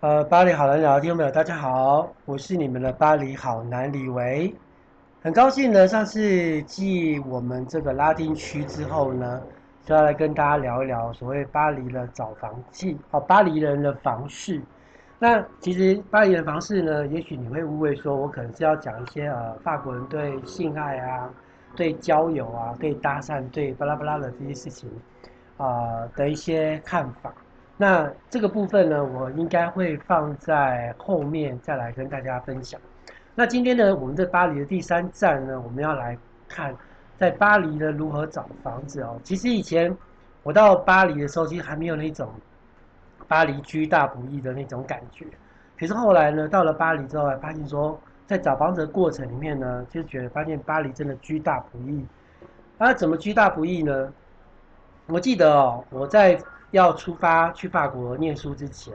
呃，巴黎好男聊聽眾朋友們，大家好，我是你們的巴黎好男李維，很高興呢。上次繼我們這個拉丁區之後呢，就要來跟大家聊一聊所謂巴黎的找房記哦、啊，巴黎人的房事。那其實巴黎人房事呢，也許你會誤會說，我可能是要講一些呃，法國人對性愛啊、對交友啊、對搭訕、對巴拉巴拉的這些事情啊、呃、的一些看法。那這個部分呢，我應該會放在後面再來跟大家分享。那今天呢，我們在巴黎的第三站呢，我們要來看在巴黎的如何找房子哦。其實以前我到巴黎的時候，其實還沒有那種巴黎居大不易的那種感覺。可是後來呢，到了巴黎之後，還發現說在找房子的過程裡面呢，就覺得發現巴黎真的居大不易。那怎麼居大不易呢？我記得哦，我在要出發去法國念書之前，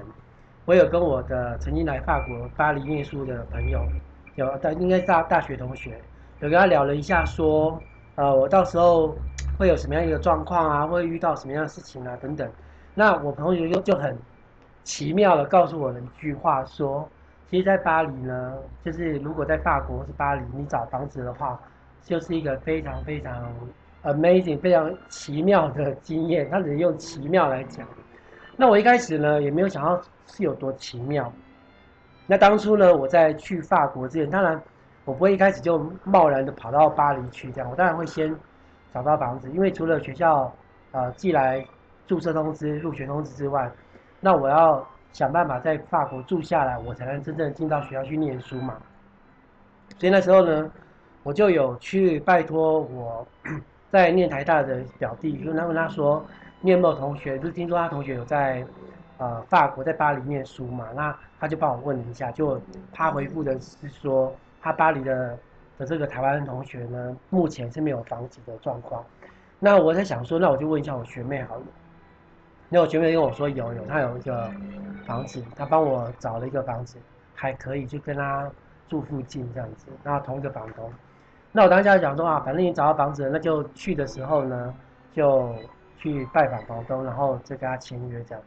我有跟我的曾經來法國巴黎念書的朋友，有，但應該是大大學同學，有跟他聊了一下，說，呃，我到時候會有什麼樣一個狀況啊，會遇到什麼樣的事情啊，等等。那我朋友就就很奇妙的告訴我了一句話，說，其實，在巴黎呢，就是如果在法國或是巴黎，你找房子的話，就是一個非常非常。Amazing，非常奇妙的經驗，他只能用奇妙來講。那我一開始呢，也沒有想到是有多奇妙。那當初呢，我在去法國之前，當然我不會一開始就貿然的跑到巴黎去這樣，我當然會先找到房子，因為除了學校，呃，寄來註冊通知、入學通知之外，那我要想辦法在法國住下來，我才能真正進到學校去念書嘛。所以那時候呢，我就有去拜托我 在念台大的表弟，就他問他說，你有沒有同學，就是聽說他同學有在，呃，法國在巴黎念書嘛，那他就幫我問了一下，就他回覆的是說，他巴黎的的這個台灣同學呢，目前是沒有房子的狀況。那我在想說，那我就問一下我學妹好了。那我學妹跟我說有有，她有,有一個房子，她幫我找了一個房子，還可以就跟他住附近這樣子，然後同一個房東。那我當下講說啊，反正你找到房子了，那就去的時候呢，就去拜訪房東，然後再跟他簽約這樣。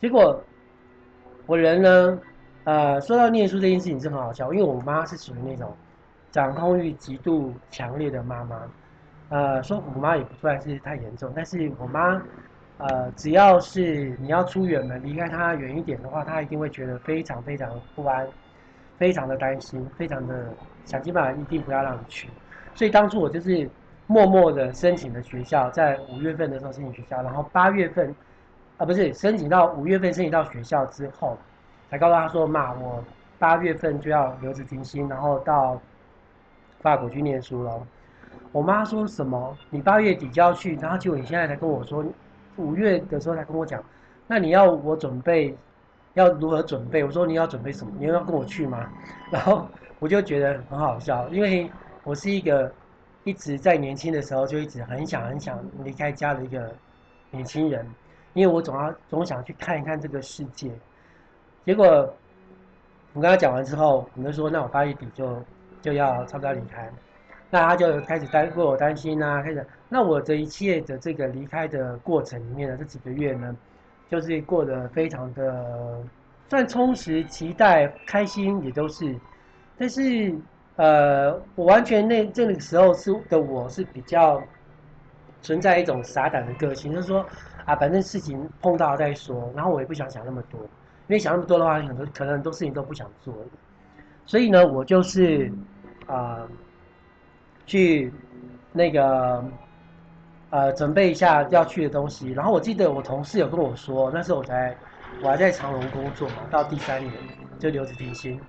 結果我人呢，呃，說到念書這件事情是很好笑，因為我媽是屬於那種掌控慾極度強烈的媽媽，呃，說我媽也不算是太嚴重，但是我媽，呃，只要是你要出遠門，離開她遠一點的話，她一定會覺得非常非常不安。非常的擔心，非常的想今晚一定不要讓你去。所以當初我就是默默的申請了學校，在五月份的時候申請學校，然後八月份，啊，不是申請到五月份申請到學校之後，才告訴他說，媽，我八月份就要留職停薪，然後到法國去念書了。我媽說什麼？你八月底就要去，然後結果你現在才跟我說，五月的時候才跟我講，那你要我準備。要如何準備？我說你要準備什麼？你要跟我去嗎？然後我就覺得很好笑，因為我是一個一直在年輕的時候就一直很想很想離開家的一個年輕人，因為我總要總想去看一看這個世界。結果我跟他講完之後，我就說那我八月底就就要差不多要離開，那他就開始擔為我擔心啊，開始那我這一切的這個離開的過程裡面呢，這幾個月呢。就是過得非常的算充實、期待、開心也都是，但是呃，我完全那那、這個時候是的，我是比較存在一種傻膽的個性，就是說啊，反正事情碰到再說，然後我也不想想那麼多，因為想那麼多的話，很多可能很多事情都不想做，所以呢，我就是啊、呃、去那個。呃，準備一下要去的東西，然後我記得我同事有跟我說，那時候我在我還在長隆工作嘛，到第三年就留職停薪，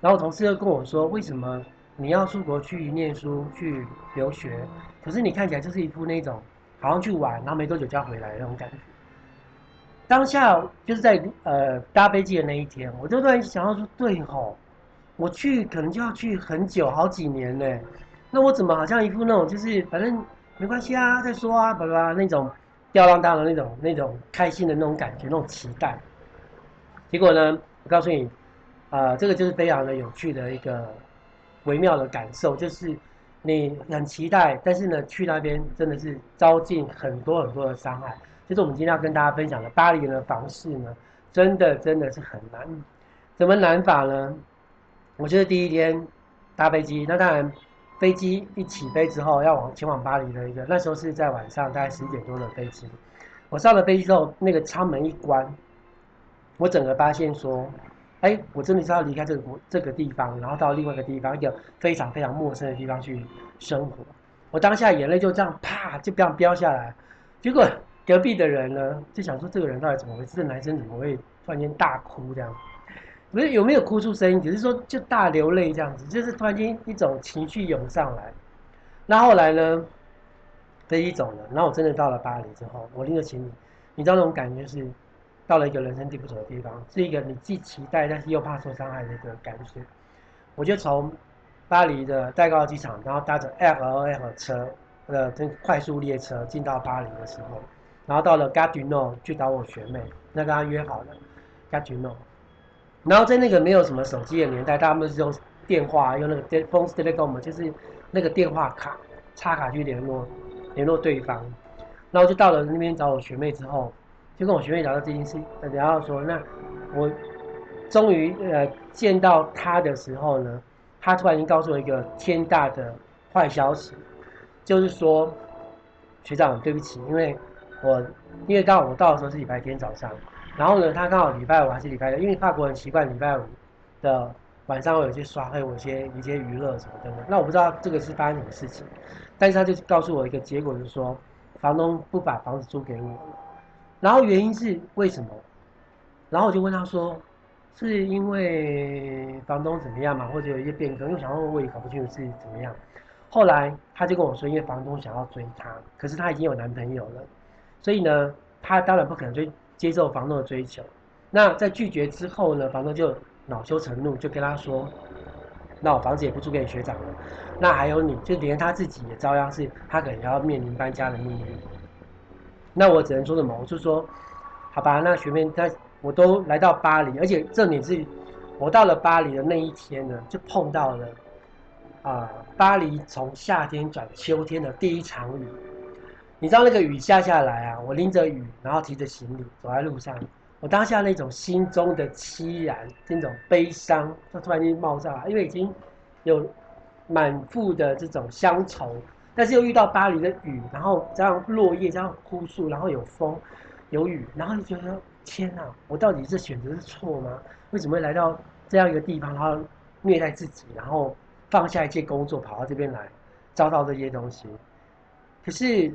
然後同事又跟我說，為什麼你要出國去念書去留學？可是你看起來就是一副那種好像去玩，然後沒多久就要回來的那種感覺。當下就是在呃搭飛機的那一天，我就突然想要說，對吼，我去可能就要去很久好幾年呢。那我怎麼好像一副那種就是反正。沒關係啊，再說啊，巴拉那種吊兒郎當的那種那種開心的那種感覺、那種期待，結果呢，我告訴你，啊，這個就是非常的有趣的一個微妙的感受，就是你很期待，但是呢，去那邊真的是遭盡很多很多的傷害。就是我們今天要跟大家分享的巴黎人的房事呢，真的真的是很難，怎麼難法呢？我覺得第一天搭飛機，那當然。飛機一起飛之後，要往前往巴黎的一個，那時候是在晚上，大概十一點多的飛機。我上了飛機之後，那個艙門一關，我整個發現說，哎、欸，我真的是要離開這個國、這個地方，然後到另外一個地方，一個非常非常陌生的地方去生活。我當下眼淚就這樣啪就這樣飆下來。結果隔壁的人呢，就想說，這個人到底怎麼回事？這男生怎麼會突然間大哭這樣。不是有沒有哭出聲音，只是說就大流淚這樣子，就是突然間一種情緒湧上來。那後來呢，這一種呢？然後我真的到了巴黎之後，我拎着行李，你知道那種感覺是到了一個人生地不熟的地方，是一個你既期待但是又怕受傷害的一個感覺。我就從巴黎的戴高樂機場，然後搭着 RER 車的這快速列車進到巴黎的時候，然後到了 Gare du Nord 去找我學妹，那跟她約好了 Gare du Nord。然後在那個沒有什麼手機的年代，他們是用電話，用那個 phones t 就是那個電話卡插卡去聯絡聯絡對方。然後就到了那邊找我學妹之後，就跟我學妹聊到這件事，然後說那我終於呃見到她的時候呢，她突然間告訴我一個天大的壞消息，就是說學長，對不起，因為我因為剛我到的時候是禮拜天早上。然後呢，他剛好禮拜五還是禮拜六，因為法國人習慣禮拜五的晚上會有一些耍，會有一些一些娛樂什麼的。那我不知道這個是發生什麼事情，但是他就告訴我一個結果，就是說房東不把房子租給我。然後原因是為什麼？然後我就問他說，是因為房東怎麼樣嘛，或者有一些變更？因為想問，我也搞不清楚是怎麼樣。後來他就跟我說，因為房東想要追她，可是她已經有男朋友了，所以呢，她當然不可能追。接受房東的追求，那在拒絕之後呢？房東就惱羞成怒，就跟他說：“那我房子也不租給你學長了。”那還有你，就連他自己也遭殃，是他可能要面臨搬家的命運。那我只能說什麼？我就說：“好吧，那學妹，那我都來到巴黎，而且重點是，我到了巴黎的那一天呢，就碰到了啊、呃，巴黎從夏天轉秋天的第一場雨。”你知道那個雨下下來啊，我拎着雨，然後提着行李走在路上，我當下那種心中的淒然，那種悲傷，就突然間冒上來。因為已經有滿腹的這種鄉愁，但是又遇到巴黎的雨，然後這樣落葉這樣枯樹，然後有風有雨，然後就覺得天哪，啊，我到底是選擇是錯嗎？為什麼會來到這樣一個地方，然後虐待自己，然後放下一切工作跑到這邊來，遭到這些東西？可是。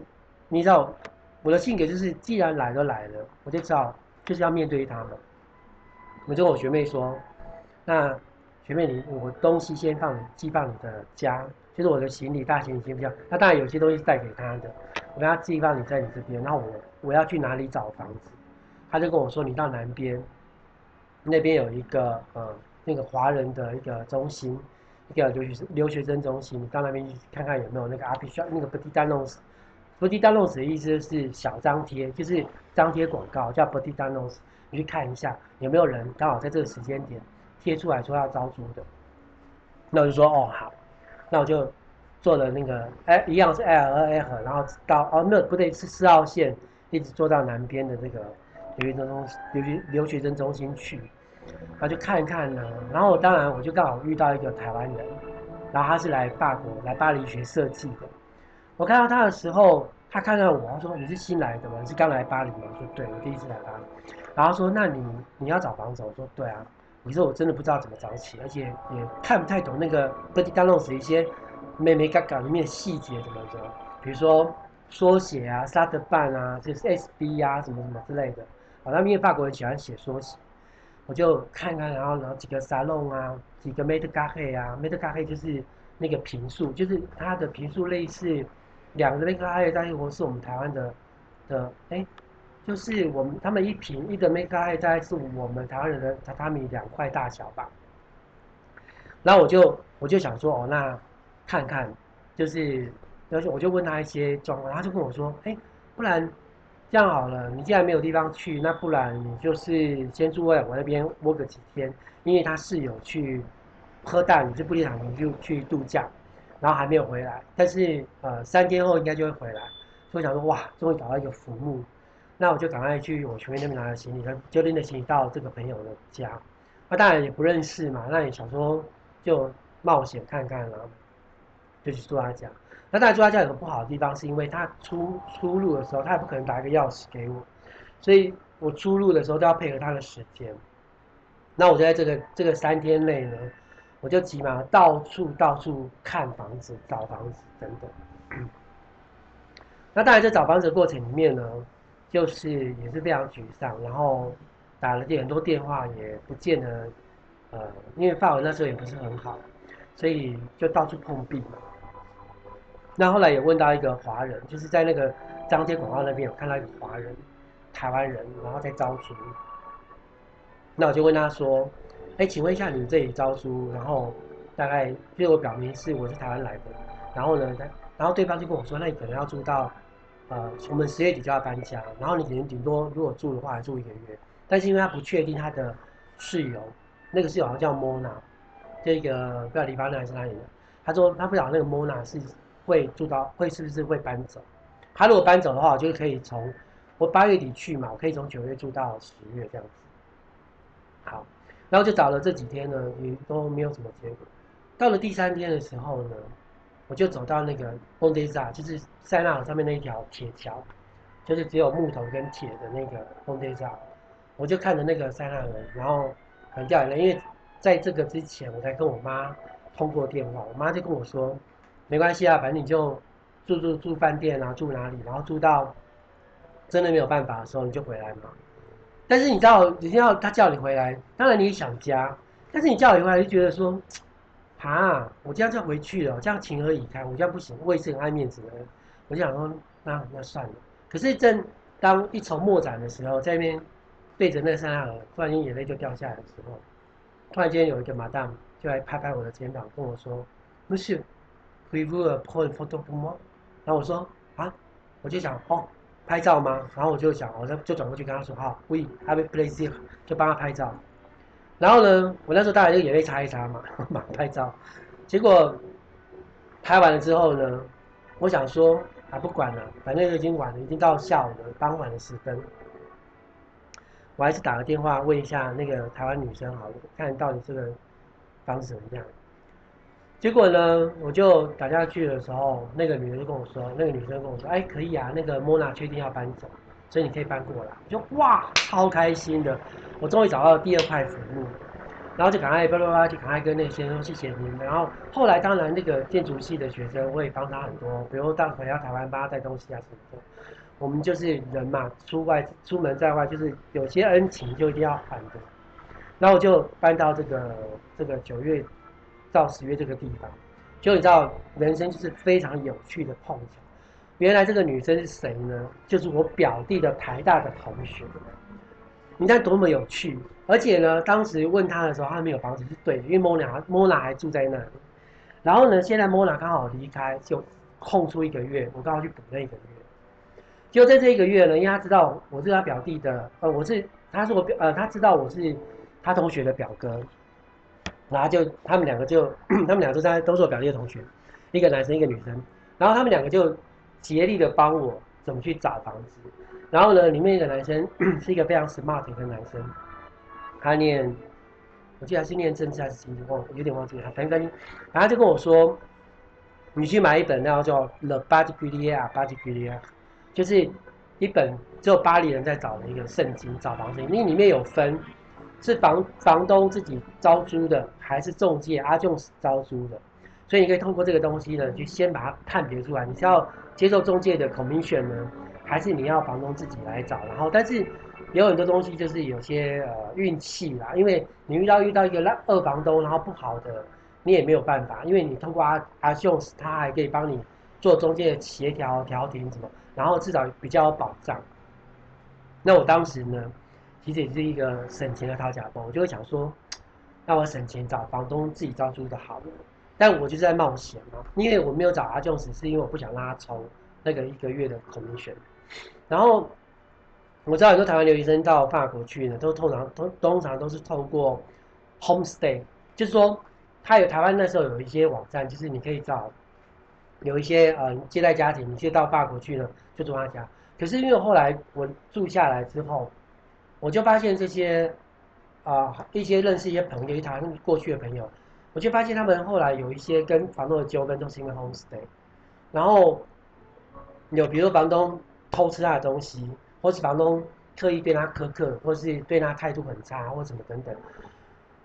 你知道我的性格就是，既然來都來了，我就知道就是要面對他們。我就跟我學妹說：“那學妹你，你我東西先放你寄放你的家，就是我的行李大行李先不要。那當然有些東西是帶給他的，我跟他寄放你在你這邊。那我我要去哪裡找房子？”他就跟我說：“你到南邊，那邊有一個呃那個華人的一個中心，一個留學留學生中心，你到那邊去看看有沒有那個阿皮需那個不地丹那 Bodidanes 的意思是小張貼，就是張貼廣告，叫 Bodidanes 你去看一下有沒有人剛好在這個時間點貼出來說要招租的，那我就說哦好，那我就坐了那個哎一樣是 L 二 A 然後到哦那不對是四號線，一直坐到南邊的這個留學生中留學留學生中心去，然後就看一看呢。然後我當然我就剛好遇到一個台灣人，然後他是來法國來巴黎學設計的。我看到他的時候，他看到我他說：“你是新來的嗎？你是剛來巴黎嗎？”我說，對，我第一次來巴黎，然後說：“那你你要找房子？”我說：“對啊。”你說：“我真的不知道怎麼找起，而且也看不太懂那個布迪加弄什一些妹妹嘎嘎裡面細節怎麼着？比如說縮寫啊，沙特辦啊，就是 SB 啊，什麼什麼之類的。好像因為法國人喜歡寫縮寫，我就看看，然後然後幾個沙龍啊，幾個梅德嘎黑啊，梅德嘎黑就是那個坪數，就是它的坪數類似。”兩個人一個愛在，一個是我們台灣的的，哎、欸，就是我們他們一坪，一個每個人愛在，大概是我們台灣人的榻榻米兩塊大小吧。然後我就我就想說，哦，那看看，就是，是我就問他一些狀況，然後他就跟我說，哎、欸，不然這樣好了，你既然沒有地方去，那不然你就是先住在我那邊窩個幾天，因為他室友去喝大，你就不理想，你就去度假，然後還沒有回來，但是呃，三天後應該就會回來，所以想說哇，終於找到一個浮木，那我就趕快去我前面那邊拿的行李，就拎着行李到這個朋友的家。那、啊、當然也不認識嘛，那也想說就冒險看看了，就去住他家。那大家住他家有個不好的地方，是因為他出出入的時候，他也不可能打一個鑰匙給我，所以我出入的時候都要配合他的時間。那我在這個這個三天內呢，我就急忙到處到處看房子，找房子等等，嗯。那當然在找房子的過程裡面呢，就是也是非常沮喪，然後打了很多電話也不見得，呃，因為法文那時候也不是很好，所以就到處碰壁嘛。那後來也問到一個華人，就是在那個張貼廣告那邊有看到一個華人，台灣人，然後在招租。那我就問他說，哎、欸，請問一下，你這裡招租，然後大概例如我表明是我是台灣來的，然後呢，他然後對方就跟我說，那你可能要住到，呃，我們十月底就要搬家，然後你可能頂多如果住的話還住一個月，但是因為他不確定他的室友，那個室友好像叫 Mona，這個不知道黎巴嫩還是哪裡的，他說他不知道那個 Mona 是會住到會是不是會搬走，他如果搬走的話，我就可以從我八月底去嘛，我可以從九月住到十月這樣子，好。然後就找了這幾天呢，也都沒有什麼結果。到了第三天的時候呢，我就走到那個 Pont des Arts，就是塞納河上面那一條鐵橋，就是只有木頭跟鐵的那個 Pont des Arts。我就看着那個塞納河，然後很掉眼淚，因為在這個之前，我才跟我媽通過電話，我媽就跟我說：“沒關係啊，反正你就住住住飯店啊，住哪裡，然後住到真的沒有辦法的時候，你就回來嘛。”但是你知道，你知道他叫你回來，當然你也想家。但是你叫你回來就覺得說，啊，我這樣就回去了，我這樣情何以堪？我這樣不行，我也是很愛面子的。我就想說，那那算了。可是正當一籌莫展的時候，在那邊對着那個山上，突然間眼淚就掉下來的時候，突然間有一個馬 a 就來拍拍我的肩膀，跟我說，Monsieur，we will p o o o t o m r r 然後我說，啊，我就想哦。拍照嗎？然後我就想，我就就轉過去跟他說，好、oh，We have place 就幫他拍照。然後呢，我那時候大概就眼淚擦一擦嘛，呵呵拍照。結果拍完了之後呢，我想說，還、啊、不管了，反正已經晚了，已經到下午了，傍晚的時分，我還是打個電話問一下那個台灣女生，好了，看到底這個房子怎麼樣。結果呢，我就打下去的時候，那個女的，就跟我說，那個女生跟我說：“哎、欸，可以啊，那個莫娜確定要搬走，所以你可以搬過來。”我就哇，超開心的，我終於找到第二塊福木，然後就趕快叭叭叭，就趕快跟那些說謝謝你們。然後後來當然，那個建築系的學生會幫他很多，比如到回要台灣幫他帶東西啊什麼的。我們就是人嘛，出外出門在外，就是有些恩情就一定要還的。然後我就搬到這個這個九月。到十月這個地方，就你知道，人生就是非常有趣的碰巧。原來這個女生是誰呢？就是我表弟的台大的同學。你看多麼有趣！而且呢，當時問他的時候，他沒有房子，是對的，因為莫娜，莫娜還住在那裡。然後呢，現在莫娜剛好離開，就空出一個月，我剛好去補那一個月。就在這一個月呢，因為他知道我是他表弟的，呃，我是他是我表，呃，他知道我是他同學的表哥。然後就他們兩個就， 他們兩個就在都是我表弟的同學，一個男生一個女生，然後他們兩個就竭力的幫我怎麼去找房子，然後呢，裡面一個男生是一個非常 smart 的一個男生，他念我記得還是念政治還是經濟，我有點忘記了，反正，然後他就跟我說，你去買一本，然後叫《De particulier à particulier》《De particulier à particulier》就是一本只有巴黎人在找的一個聖經找房子，因為裡面有分。是房房東自己招租的，還是中介阿俊、mm hmm. 招租的？所以你可以通過這個東西呢，就先把它判別出來。你是要接受中介的 commission 呢，還是你要房東自己來找？然後，但是有很多東西就是有些呃運氣啦，因為你遇到遇到一個二房東，然後不好的，你也沒有辦法，因為你通過阿阿俊，他還可以幫你做中介的協調、調停什麼，然後至少比較有保障。那我當時呢？其實也是一個省錢的套家包，我就會想說，讓我省錢找房東自己招租就好了，但我就是在冒險嘛、啊，因為我沒有找 agence，是因為我不想讓他抽那個一個月的 commission。然後我知道很多台灣留學生到法國去呢，都通常通通常都是透過 Homestay，就是說他有台灣那時候有一些網站，就是你可以找有一些呃、嗯、接待家庭，你去到法國去呢就住他家。可是因為後來我住下來之後，我就發現這些，啊、呃，一些認識一些朋友，他過去的朋友，我就發現他們後來有一些跟房東的糾紛都是因為 homestay，然後有比如房東偷吃他的東西，或是房東刻意對他苛刻，或是對他態度很差，或什麼等等，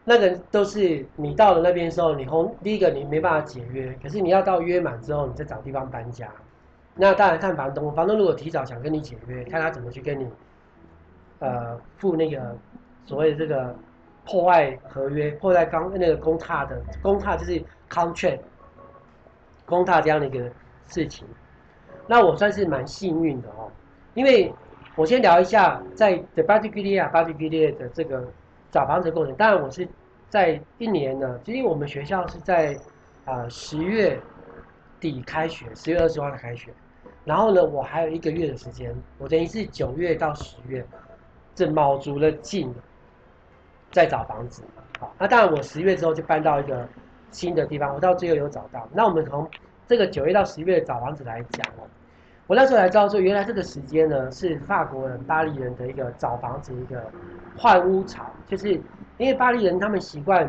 那個都是你到了那邊的時候，你 home，第一個你沒辦法解約，可是你要到約滿之後，你再找地方搬家，那當然看房東，房東如果提早想跟你解約，看他怎麼去跟你。呃，付那個所謂的這個破壞合約、破壞剛那個公塌的公塌，踏就是 contract 公塌這樣的一個事情。那我算是蠻幸運的哦，因為我先聊一下在 de particulier à particulier 的這個找房子過程。當然，我是在一年呢，其實我們學校是在啊、呃、十月底開學，十月二十號的開學，然後呢，我還有一個月的時間，我等於是九月到十月。是卯足了勁，在找房子。好，那當然我十月之後就搬到一個新的地方，我到最後有找到。那我們從這個九月到十月的找房子來講，我那時候才知道說，原來這個時間呢是法國人、巴黎人的一個找房子，一個換屋潮，就是因為巴黎人他們習慣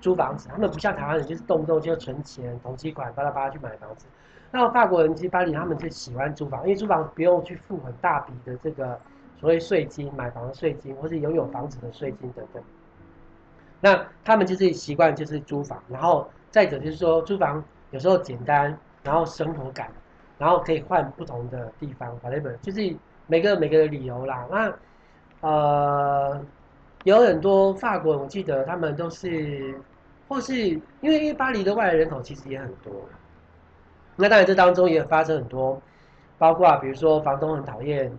租房子，他們不像台灣人就是動不動就是、存錢、頭期款、巴拉巴拉去買房子。那法國人其實巴黎人他們就喜歡租房，因為租房不用去付很大筆的這個。所謂稅金，買房的稅金，或是擁有房子的稅金等等。那他們就是習慣，就是租房，然後再者就是說租房有時候簡單，然後生活感，然後可以換不同的地方，反正就是每個每個的理由啦。那呃，有很多法國人，我記得他們都是，或是因為因為巴黎的外來人口其實也很多。那當然，這當中也發生很多，包括比如說房東很討厭。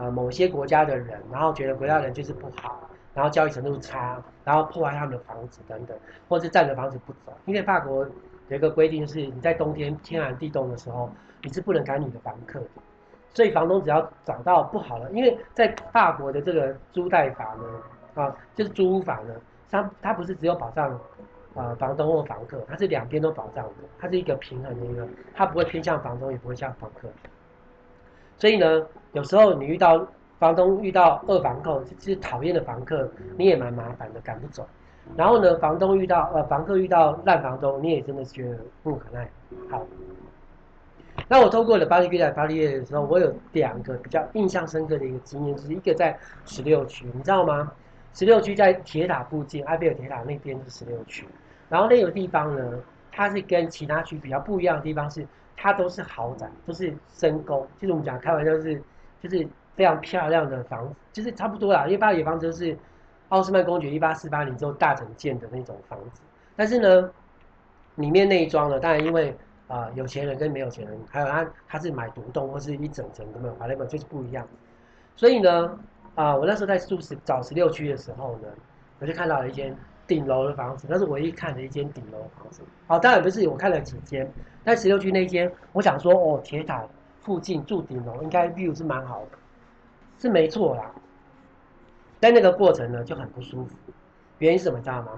呃，某些國家的人，然後覺得國家的人就是不好，然後教育程度差，然後破壞他們的房子等等，或者佔着房子不走。因為法國有一個規定，是你在冬天天寒地凍的時候，你是不能趕你的房客的。所以房東只要找到不好了，因為在法國的這個租貸法呢，啊，就是租屋法呢，它它不是只有保障房東或房客，它是兩邊都保障的，它是一個平衡的一個，它不會偏向房東，也不會向房客。所以呢，有時候你遇到房東遇到二房客，就是討厭的房客，你也蠻麻煩的，趕不走。然後呢，房東遇到呃房客，遇到爛房東，你也真的是覺得無可奈何。好，那我透過了 particulier à particulier 的時候，我有兩個比較印象深刻的一個經驗，就是一個在十六區，你知道嗎？十六區在鐵塔附近，埃菲爾鐵塔那邊是十六區。然後那個地方呢，它是跟其他區比較不一樣的地方是，它都是豪宅，都是深溝，就是我們講開玩笑、就是，就是非常漂亮的房子，就是差不多啦，因為巴黎房子是奧斯曼公爵一八四八年之後大整建的那種房子，但是呢，裡面那一幢呢，當然因為啊、呃、有錢人跟沒有錢人，還有他他是買獨棟或是一整層有沒有，買那就是不一樣，所以呢，啊、呃、我那時候在住十早十六區的時候呢，我就看到了一間。頂樓的房子，那是唯一看的一間頂樓房子。好、哦，當然不是，我看了幾間。但十六區那間，我想說，哦，鐵塔附近住頂樓，應該 view 是蠻好的，是沒錯啦。但那個過程呢，就很不舒服。原因是什麼？知道嗎？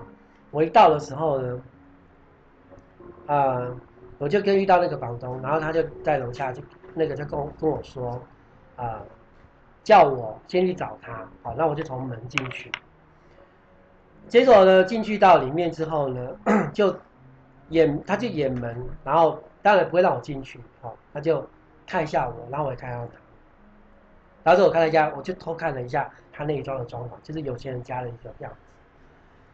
我一到的時候呢，啊、呃，我就跟遇到那個房東，然後他就在樓下就，就那個就跟跟我說，啊、呃，叫我先去找他。好，那我就從門進去。結果呢，進去到裡面之後呢，就掩他就掩門，然後當然不會讓我進去，好、喔，他就看一下我，然後我也看一下他。然後我看了一下，我就偷看了一下他那一裝的裝潢，就是有錢人家的一個樣子。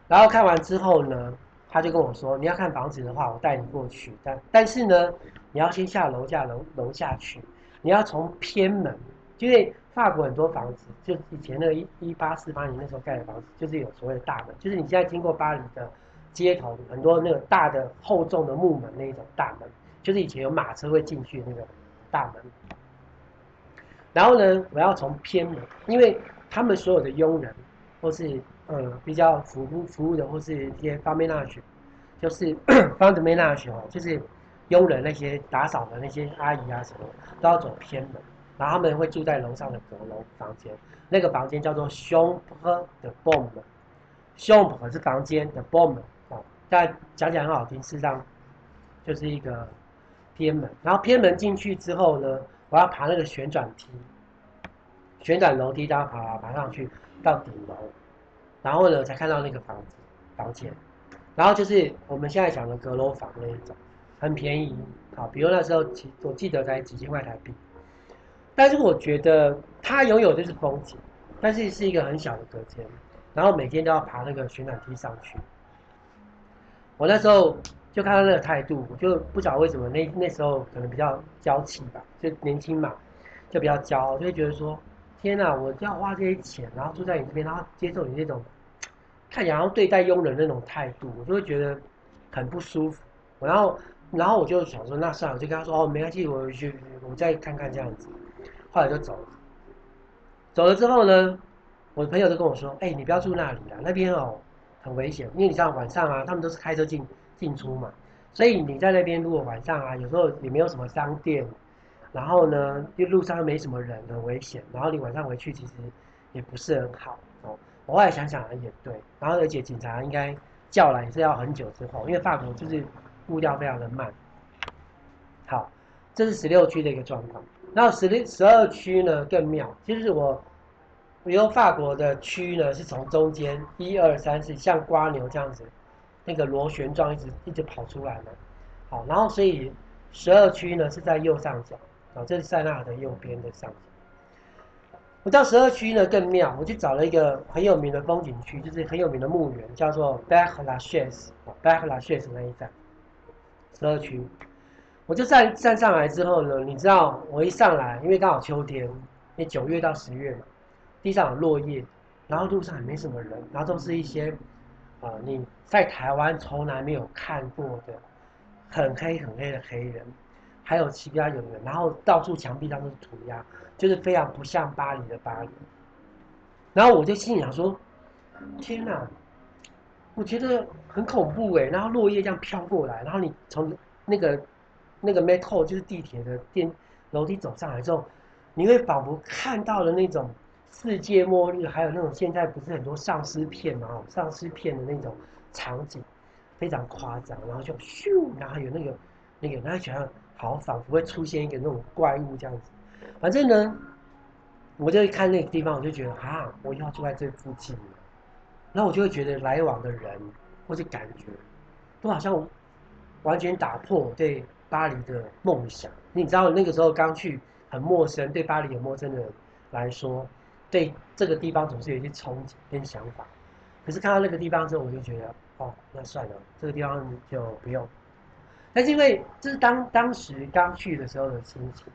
然後看完之後呢，他就跟我說：“你要看房子的話，我帶你過去，但但是呢，你要先下樓下樓樓下去，你要從偏門，就是。法國很多房子，就以前那個一一八四八年那時候蓋的房子，就是有所謂的大門，就是你現在經過巴黎的街頭，很多那個大的厚重的木門那一種大門，就是以前有馬車會進去那個大門。然後呢，我要從偏門，因為他們所有的傭人，或是呃、嗯、比較服務服務的，或是一些 femme de ménage，就是 femme de ménage 哦， 就是傭人那些打掃的那些阿姨啊什麼，都要走偏門。然後他們會住在樓上的閣樓房間，那個房間叫做 chambre de bonne，chambre 是房間的 bonne 啊，但、哦、講講很好聽，事實上，就是一個偏門。然後偏門進去之後呢，我要爬那個旋轉梯，旋轉樓梯，然後爬爬上去到頂樓，然後呢才看到那個房子房間，然後就是我們現在講的閣樓房那一種，很便宜啊、哦，比如那時候我記得才幾千塊台幣。但是我覺得他擁有的是風景，但是是一個很小的隔間，然後每天都要爬那個旋轉梯上去。我那時候就看到那個態度，我就不知道為什麼那那時候可能比較嬌氣吧，就年輕嘛，就比較驕傲，就會覺得說天吶，我就要花這些錢，然後住在你這邊，然後接受你那種看然後對待傭人那種態度，我就會覺得很不舒服。我然後，然後我就想說，那算了，我就跟他說哦，沒關係，我去，我再看看這樣子。後來就走了，走了之後呢，我的朋友都跟我說：“哎、欸，你不要住那裡了，那邊哦、喔，很危險，因為你像晚上啊，他們都是開車進進出嘛，所以你在那邊如果晚上啊，有時候也沒有什麼商店，然後呢路上又沒什麼人，很危險。然後你晚上回去其實也不是很好哦、喔。我後來想想也對。然後而且警察應該叫來也是要很久之後，因為法國就是步調非常的慢。好，這是十六區的一個狀況。”那十十二區呢，更妙，其實我，因為法國的區呢是從中間一二三四，像蝸牛這樣子，那個螺旋狀一直一直跑出來嘛。好，然後所以十二區呢是在右上角，啊，這是塞納的右邊的上角。我到十二區呢更妙，我去找了一個很有名的風景區，就是很有名的墓園，叫做 Père Lachaise Père Lachaise，那一站，十二區。我就站站上來之後呢，你知道我一上來，因為剛好秋天，那九月到十月嘛，地上有落葉，然後路上也沒什麼人，然後都是一些，啊、呃，你在台灣從來沒有看過的，很黑很黑的黑人，還有其他有人，然後到處牆壁上都是塗鴉，就是非常不像巴黎的巴黎。然後我就心想說，天哪，我覺得很恐怖誒、欸，然後落葉這樣飄過來，然後你從那個，那個 métro 就是地鐵的電樓梯走上來之後，你會仿佛看到了那種世界末日，還有那種現在不是很多喪屍片嘛？哦，喪屍片的那種場景非常誇張，然後就咻，然後有那個那個，然後好像好仿佛會出現一個那種怪物這樣子。反正呢，我就會看那個地方，我就覺得啊，我要住在這附近。然後我就會覺得來往的人或是感覺都好像完全打破對。巴黎的夢想，你知道那個時候剛去很陌生，對巴黎很陌生的人來說，對這個地方總是有一些憧憬跟想法。可是看到那個地方之後，我就覺得哦，那算了，這個地方就不用。但是因為這是當當時剛去的時候的心情。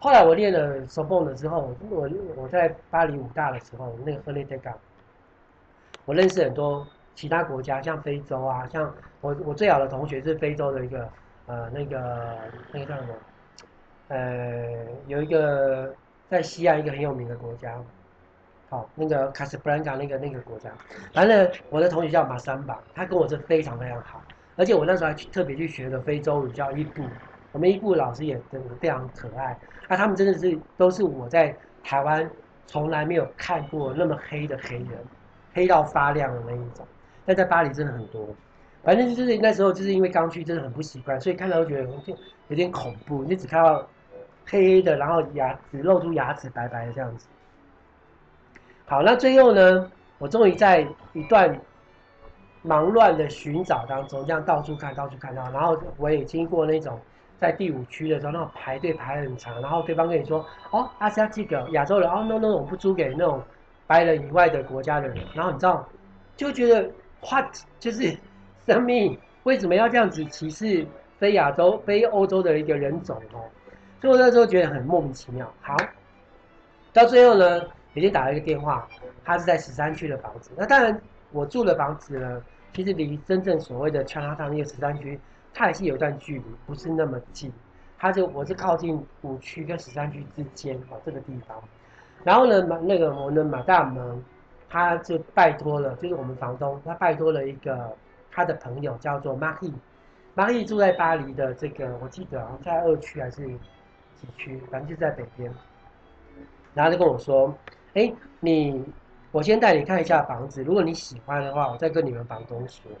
後來我練了 Sorbonne 了之後，我我在巴黎五大的時候，那個 René Descartes，我認識很多其他國家，像非洲啊，像我我最好的同學是非洲的一個。呃，那個那個叫什麼？呃，有一個在西亞一個很有名的國家，好，那個卡斯布蘭卡那個那個國家。完了，我的同學叫馬三巴，他跟我是非常非常好，而且我那時候還去特別去學了非洲語叫伊布，我們伊布老師也真的非常可愛。啊，他們真的是都是我在台灣從來沒有看過那麼黑的黑人，黑到發亮的那一種。但在巴黎真的很多。反正就是那時候，就是因為剛去，真的很不習慣，所以看到都覺得就有點恐怖。你只看到黑黑的，然後牙齒露出牙齒，白白的這樣子。好，那最後呢，我終於在一段忙亂的尋找當中，這樣到處看，到處看到。然後我也經過那種在第五區的時候，那種排隊排很長，然後對方跟你說：“哦，阿西亞這個亞洲人，洲人哦，no no，我不租給那種白人以外的國家的人。”然後你知道，就覺得 what 就是。生命為什麼要這樣子歧視非亞洲、非歐洲的一個人種哦？所以我那時候覺得很莫名其妙。好，到最後呢，也就打了一個電話，他是在十三區的房子。那當然，我住的房子呢，其實離真正所謂的 Chinatown 那個十三區，它還是有一段距離，不是那麼近。他就我是靠近五區跟十三區之間哦，這個地方。然後呢，馬那個我們的 Madame，他就拜託了，就是我們房東，他拜託了一個。他的朋友叫做 Marie，Marie 住在巴黎的這個，我記得好、啊，像在二區還是幾區，反正就是在北邊。然後他就跟我說：“哎、欸，你，我先帶你看一下房子，如果你喜歡的話，我再跟你們房東說。”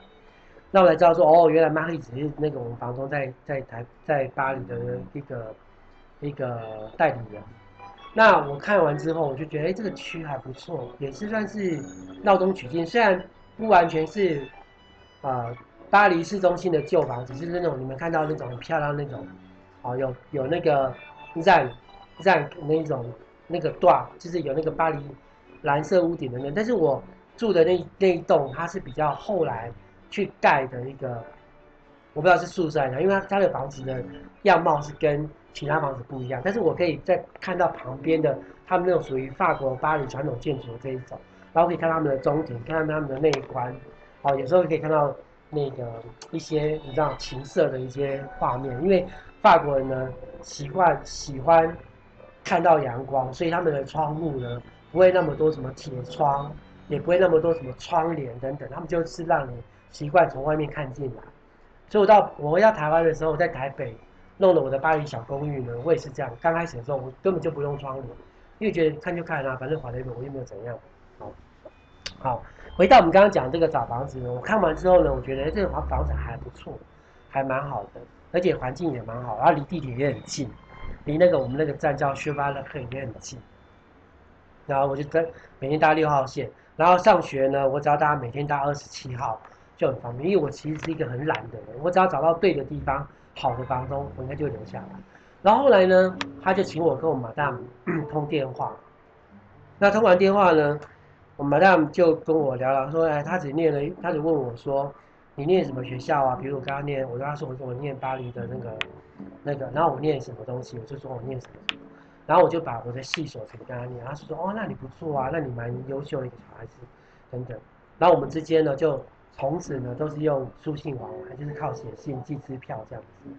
那我才知道說，哦，原來 Marie 只是那個我們房東在在台在巴黎的一個一個代理人。那我看完之後，我就覺得，哎、欸，這個區還不錯，也是算是鬧中取靜，雖然不完全是。啊、呃，巴黎市中心的舊房子，就是那種你們看到那種很漂亮那種，啊、哦，有有那個讓那種那個段，就是有那個巴黎藍色屋頂的那種。但是我住的那那一棟它是比較後來去蓋的一，那個，我不知道是宿舍的，因為它它的房子的樣貌是跟其他房子不一樣。但是我可以再看到旁邊的他們那種屬於法國巴黎傳統建築的這一種，然後可以看到他們的中庭，看到他們的內觀。好、哦，有時候可以看到那個一些你知道情色的一些畫面，因為法國人呢習慣喜歡看到陽光，所以他們的窗戶呢不會那麼多什麼鐵窗，也不會那麼多什麼窗簾等等，他們就是讓你習慣從外面看進來。所以我到我回到台灣的時候，我在台北弄了我的巴黎小公寓呢，我也是這樣，剛開始的時候我根本就不用窗簾，因為覺得看就看啦、啊，反正華了一我又沒有怎樣，好，回到我們剛剛講這個找房子，我看完之後呢，我覺得這個房房子還不錯，還蠻好的，而且環境也蠻好，然、啊、後離地鐵也很近，離那個我們那個站叫 Chevaleret 也很近。然後我就在每天搭六號線，然後上學呢，我只要搭每天搭二十七號就很方便，因為我其實是一個很懶的人，我只要找到對的地方，好的房東，我應該就留下來。然後後來呢，他就請我跟我馬大姆通電話，那通完電話呢，我們那，就跟我聊了。說，哎，他只念了，他只問我說，你念什麼學校啊？比如我剛剛念，我跟他說我說我念巴黎的那個，那個，然後我念什麼東西，我就說我念什麼東西，然後我就把我的系所跟他念，他說，哦，那你不錯啊，那你蠻優秀的一個小孩子，等等。然後我們之間呢，就從此呢都是用書信往來，就是靠寫信寄支票這樣子。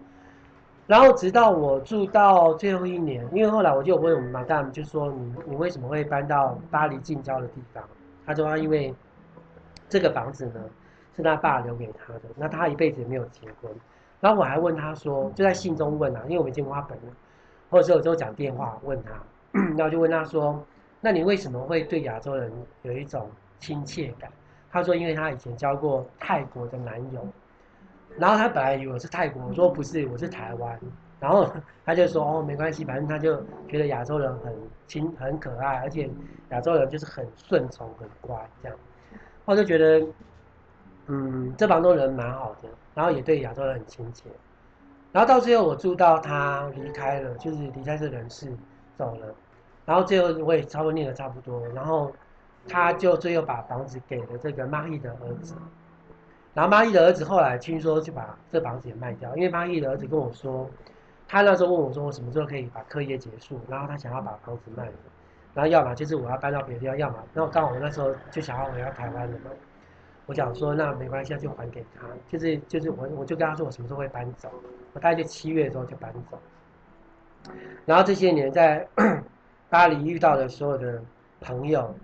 然後直到我住到最後一年，因為後來我就有問我們 Madame 就說你你為什麼會搬到巴黎近郊的地方？他說他因為這個房子呢是他爸留給他的，那他一輩子也沒有結婚。然後我還問他說，就在信中問啊，因為我沒見過他本人了，或者說我就講電話問他，然後就問他說，那你為什麼會對亞洲人有一種親切感？他說因為他以前交過泰國的男友。然後他本來以為我是泰國，我說不是，我是台灣。然後他就說：“哦，沒關係，反正他就覺得亞洲人很親、很可愛，而且亞洲人就是很順從、很乖這樣。”我就覺得，嗯，這房東人蠻好的，然後也對亞洲人很親切。然後到最後，我住到他離開了，就是離開這人世走了。然後最後我也差不多念得差不多，然後他就最後把房子給了這個 Marie 的兒子。然後，Marie 的兒子後來聽說，就把這房子也賣掉。因為 Marie 的兒子跟我說，他那時候問我說，我什麼時候可以把課業結束？然後他想要把房子賣了，然後，要麼就是我要搬到別的地方，要麼……然後剛好我那時候就想要回到台灣了嘛。我想說，那沒關係，就還給他。就是就是我，我我就跟他說，我什麼時候會搬走？我大概就七月的時候就搬走。然後這些年在巴黎遇到的所有的朋友，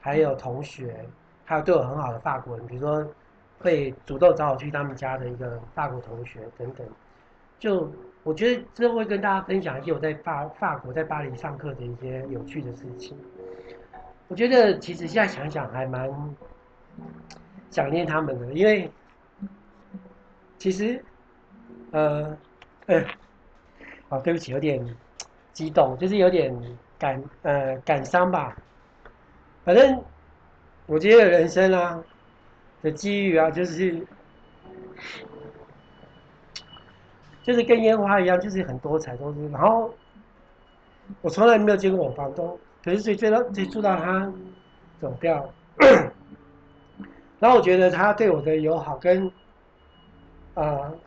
還有同學，還有對我很好的法國人，比如說。會主動找我去他們家的一個法國同學等等，就我覺得這會跟大家分享一些我在法法國在巴黎上課的一些有趣的事情。我覺得其實現在想想還蠻想念他們的，因為其實呃呃，哦、呃啊，對不起，有點激動，就是有點感呃感傷吧。反正我覺得人生啊，的機遇啊，就是，就是跟煙花一樣，就是很多彩多姿。然後我從來沒有見過我房東，可是卻住到，卻住到他走掉。 然後我覺得他對我的友好跟，啊、呃，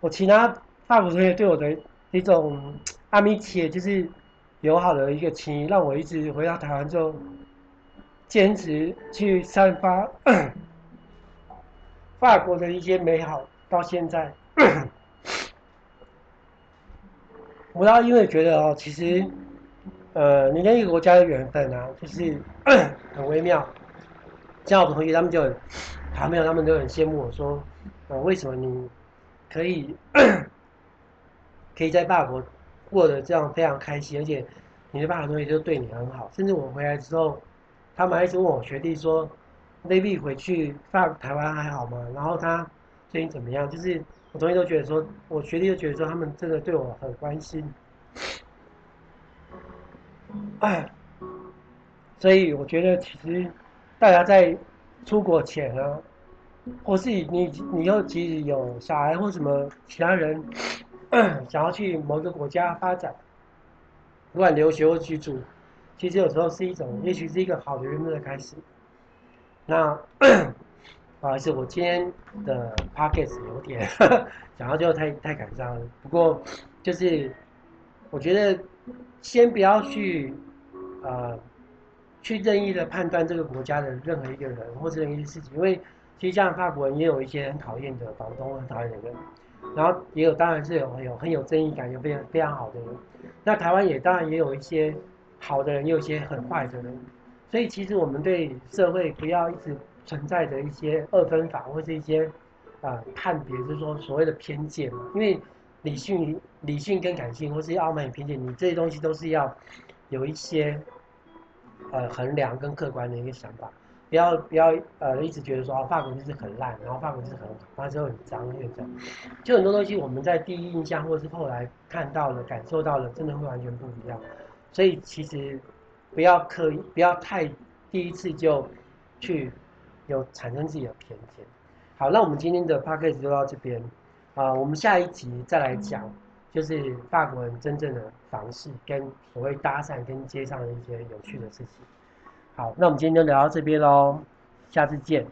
我其他大部分同學對我的一種阿彌切，就是友好的一個情誼，讓我一直回到台灣之後。堅持去散發法國的一些美好，到現在， 我因為覺得哦，其實，呃，你跟一個國家的緣分啊，就是很微妙。像我同學他們就很、啊，還沒有他們都很羨慕我說，呃，為什麼你可以可以在法國過得這樣非常開心，而且你的法國同學都對你很好，甚至我回來之後。他們還是問我學弟說：“那邊回去在台灣還好嗎？然後他最近怎麼樣？”就是我同學都覺得說，我學弟都覺得說，他們真的對我很關心。所以我覺得其實大家在出國前啊，或是你你又，即使有小孩或什麼其他人想要去某個國家發展，不管留學或居住。其實有時候是一種，也許是一個好的緣分的開始。那， 不好意思，我今天的 podcast 有點講 到最後太太感傷了。不過，就是我覺得先不要去啊、呃，去任意的判斷這個國家的任何一個人或者一些事情，因為其實像法國人也有一些很討厭的房東，很討厭的人，然後也有當然是有有很有正義感又非常非常好的人。那台灣也當然也有一些。好的人，也有些很壞的人，所以其實我們對社會不要一直存在着一些二分法，或是一些啊判別，就是說所謂的偏見嘛。因為理性、理性跟感性，或是傲慢與偏見，你這些東西都是要有一些呃衡量跟客觀的一個想法，不要不要呃一直覺得說啊法國就是很爛，然後法國就是很，然後就很髒這樣。就很多東西我們在第一印象，或是後來看到了、感受到了，真的會完全不一樣。所以其實不要刻意，不要太第一次就去有產生自己的偏見。好，那我們今天的 podcast 就到這邊啊，呃，我們下一集再來講，就是法國人真正的房事跟所謂搭訕跟街上的一些有趣的事情。好，那我們今天就聊到這邊嘍，下次見。